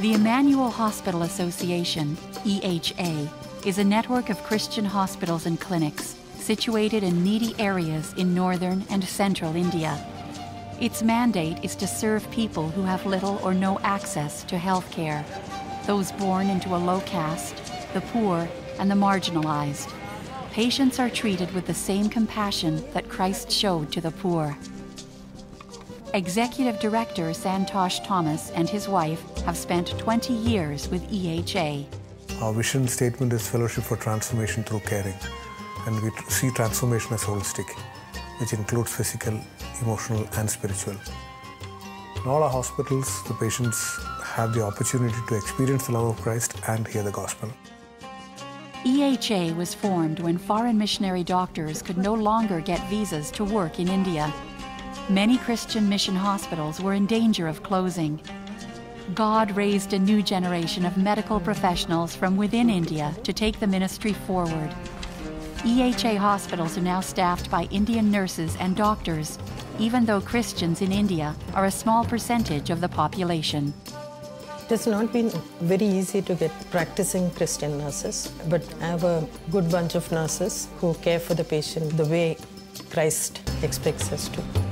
The Emmanuel Hospital Association, EHA, is a network of Christian hospitals and clinics situated in needy areas in northern and central India. Its mandate is to serve people who have little or no access to health care, those born into a low caste, the poor, and the marginalized. Patients are treated with the same compassion that Christ showed to the poor. Executive Director Santosh Thomas and his wife have spent 20 years with EHA. Our vision statement is Fellowship for Transformation Through Caring, and we see transformation as holistic, which includes physical, emotional, and spiritual. In all our hospitals, the patients have the opportunity to experience the love of Christ and hear the gospel. EHA was formed when foreign missionary doctors could no longer get visas to work in India. Many Christian mission hospitals were in danger of closing. God raised a new generation of medical professionals from within India to take the ministry forward. EHA hospitals are now staffed by Indian nurses and doctors, even though Christians in India are a small percentage of the population. It has not been very easy to get practicing Christian nurses, but I have a good bunch of nurses who care for the patient the way Christ expects us to.